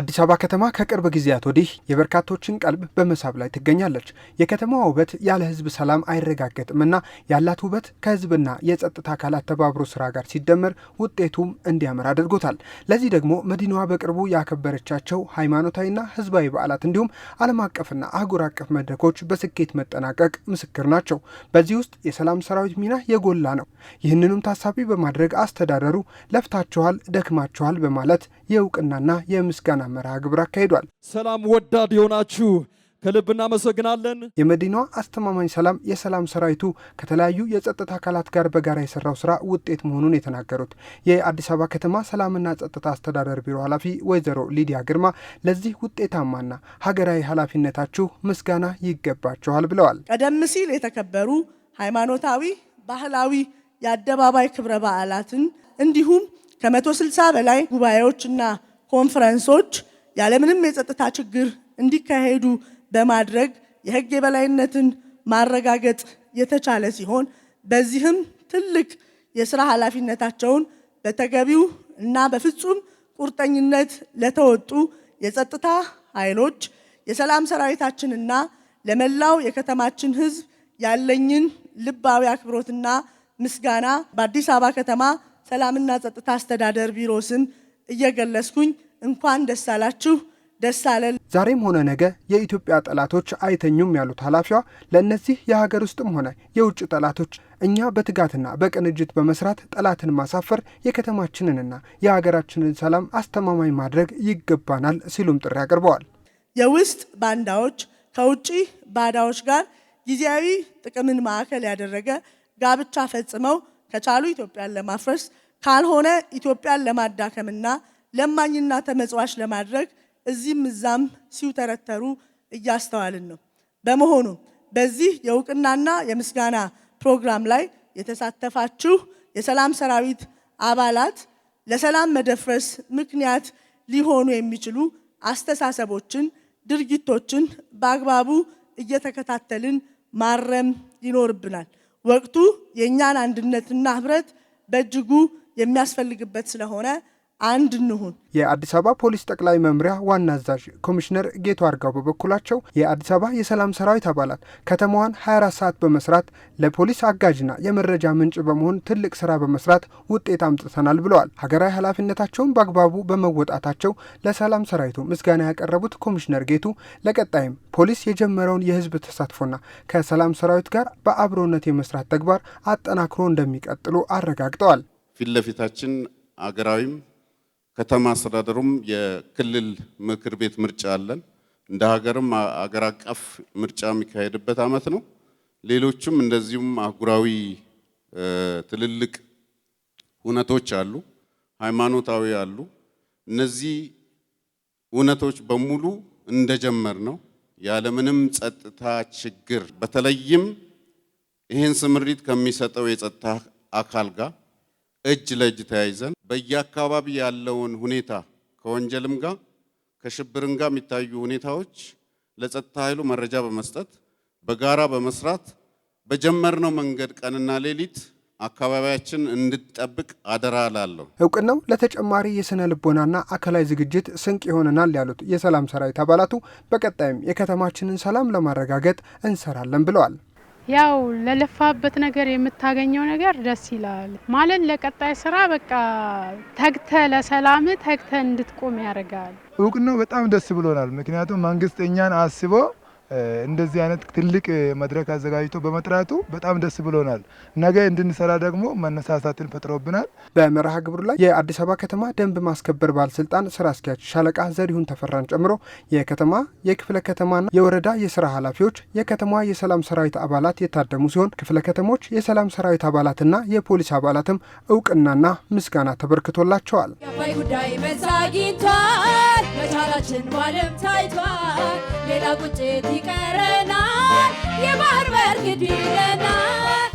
አዲስ አበባ ከተማ ከቅርብ ጊዜያት ወዲህ የበርካቶችን ቀልብ በመሳብ ላይ ትገኛለች። የከተማዋ ውበት ያለ ሕዝብ ሰላም አይረጋገጥምና ያላት ውበት ከሕዝብና የጸጥታ አካላት ተባብሮ ስራ ጋር ሲደመር ውጤቱም እንዲያምር አድርጎታል። ለዚህ ደግሞ መዲናዋ በቅርቡ ያከበረቻቸው ሃይማኖታዊና ሕዝባዊ በዓላት እንዲሁም ዓለም አቀፍና አህጉር አቀፍ መድረኮች በስኬት መጠናቀቅ ምስክር ናቸው። በዚህ ውስጥ የሰላም ሰራዊት ሚና የጎላ ነው። ይህንንም ታሳቢ በማድረግ አስተዳደሩ ለፍታችኋል፣ ደክማችኋል በማለት የእውቅናና የምስጋና የምስጋና መርሃ ግብር አካሂዷል። ሰላም ወዳድ የሆናችሁ ከልብ እናመሰግናለን። የመዲናዋ አስተማማኝ ሰላም የሰላም ሰራዊቱ ከተለያዩ የጸጥታ አካላት ጋር በጋራ የሰራው ስራ ውጤት መሆኑን የተናገሩት የአዲስ አበባ ከተማ ሰላምና ጸጥታ አስተዳደር ቢሮ ኃላፊ ወይዘሮ ሊዲያ ግርማ ለዚህ ውጤታማና ሀገራዊ ኃላፊነታችሁ ምስጋና ይገባችኋል ብለዋል። ቀደም ሲል የተከበሩ ሃይማኖታዊ፣ ባህላዊ የአደባባይ ክብረ በዓላትን እንዲሁም ከመቶ ስልሳ በላይ ጉባኤዎችና ኮንፈረንሶች ያለምንም የጸጥታ ችግር እንዲካሄዱ በማድረግ የህግ የበላይነትን ማረጋገጥ የተቻለ ሲሆን በዚህም ትልቅ የስራ ኃላፊነታቸውን በተገቢው እና በፍጹም ቁርጠኝነት ለተወጡ የጸጥታ ኃይሎች የሰላም ሰራዊታችንና ለመላው የከተማችን ህዝብ ያለኝን ልባዊ አክብሮትና ምስጋና በአዲስ አበባ ከተማ ሰላምና ጸጥታ አስተዳደር ቢሮ ስም እየገለጽኩኝ እንኳን ደስ አላችሁ ደስ አለ ዛሬም ሆነ ነገ የኢትዮጵያ ጠላቶች አይተኙም ያሉት ኃላፊዋ ለእነዚህ የሀገር ውስጥም ሆነ የውጭ ጠላቶች እኛ በትጋትና በቅንጅት በመስራት ጠላትን ማሳፈር የከተማችንንና የሀገራችንን ሰላም አስተማማኝ ማድረግ ይገባናል ሲሉም ጥሪ አቅርበዋል። የውስጥ ባንዳዎች ከውጭ ባዳዎች ጋር ጊዜያዊ ጥቅምን ማዕከል ያደረገ ጋብቻ ፈጽመው ከቻሉ ኢትዮጵያን ለማፍረስ ካልሆነ ኢትዮጵያን ለማዳከምና ለማኝና ተመጽዋች ለማድረግ እዚህም እዛም ሲውተረተሩ እያስተዋልን ነው። በመሆኑ በዚህ የእውቅናና የምስጋና ፕሮግራም ላይ የተሳተፋችሁ የሰላም ሰራዊት አባላት ለሰላም መደፍረስ ምክንያት ሊሆኑ የሚችሉ አስተሳሰቦችን፣ ድርጊቶችን በአግባቡ እየተከታተልን ማረም ይኖርብናል። ወቅቱ የእኛን አንድነትና ህብረት በእጅጉ የሚያስፈልግበት ስለሆነ አንድ እንሁን። የአዲስ አበባ ፖሊስ ጠቅላይ መምሪያ ዋና አዛዥ ኮሚሽነር ጌቱ አርጋው በበኩላቸው የአዲስ አበባ የሰላም ሰራዊት አባላት ከተማዋን 24 ሰዓት በመስራት ለፖሊስ አጋዥና የመረጃ ምንጭ በመሆን ትልቅ ስራ በመስራት ውጤት አምጥተናል ብለዋል። ሀገራዊ ኃላፊነታቸውን በአግባቡ በመወጣታቸው ለሰላም ሰራዊቱ ምስጋና ያቀረቡት ኮሚሽነር ጌቱ ለቀጣይም ፖሊስ የጀመረውን የህዝብ ተሳትፎና ከሰላም ሰራዊት ጋር በአብሮነት የመስራት ተግባር አጠናክሮ እንደሚቀጥሉ አረጋግጠዋል። ፊት ለፊታችን አገራዊም ከተማ አስተዳደሩም የክልል ምክር ቤት ምርጫ አለን። እንደ ሀገርም አገር አቀፍ ምርጫ የሚካሄድበት ዓመት ነው። ሌሎችም እንደዚሁም አህጉራዊ ትልልቅ እውነቶች አሉ፣ ሃይማኖታዊ አሉ። እነዚህ እውነቶች በሙሉ እንደጀመር ነው ያለምንም ጸጥታ ችግር በተለይም ይህን ስምሪት ከሚሰጠው የጸጥታ አካል ጋር እጅ ለእጅ ተያይዘን በየአካባቢ ያለውን ሁኔታ ከወንጀልም ጋር ከሽብርም ጋር የሚታዩ ሁኔታዎች ለጸጥታ ኃይሉ መረጃ በመስጠት በጋራ በመስራት በጀመርነው መንገድ ቀንና ሌሊት አካባቢያችን እንድጠብቅ አደራ ላለሁ እውቅናው ለተጨማሪ የስነ ልቦናና አካላዊ ዝግጅት ስንቅ ይሆነናል ያሉት የሰላም ሰራዊት አባላቱ በቀጣይም የከተማችንን ሰላም ለማረጋገጥ እንሰራለን ብለዋል። ያው ለለፋበት ነገር የምታገኘው ነገር ደስ ይላል ማለት ለቀጣይ ስራ በቃ ተግተ ለሰላም ተግተ እንድትቆም ያደርጋል። እውቅናው በጣም ደስ ብሎናል። ምክንያቱም መንግስት እኛን አስቦ እንደዚህ አይነት ትልቅ መድረክ አዘጋጅቶ በመጥራቱ በጣም ደስ ብሎናል። ነገ እንድንሰራ ደግሞ መነሳሳትን ፈጥሮብናል። በመርሃ ግብሩ ላይ የአዲስ አበባ ከተማ ደንብ ማስከበር ባለስልጣን ስራ አስኪያጅ ሻለቃ ዘሪሁን ተፈራን ጨምሮ የከተማ የክፍለ ከተማና የወረዳ የስራ ኃላፊዎች፣ የከተማዋ የሰላም ሰራዊት አባላት የታደሙ ሲሆን ክፍለ ከተሞች የሰላም ሰራዊት አባላትና የፖሊስ አባላትም እውቅናና ምስጋና ተበርክቶላቸዋል። ጉዳይ መሳጊቷል መቻላችን ባለም ታይቷል። ሌላ ቁጭት ይቀረናል፣ የባህር በር ግድ ይለናል።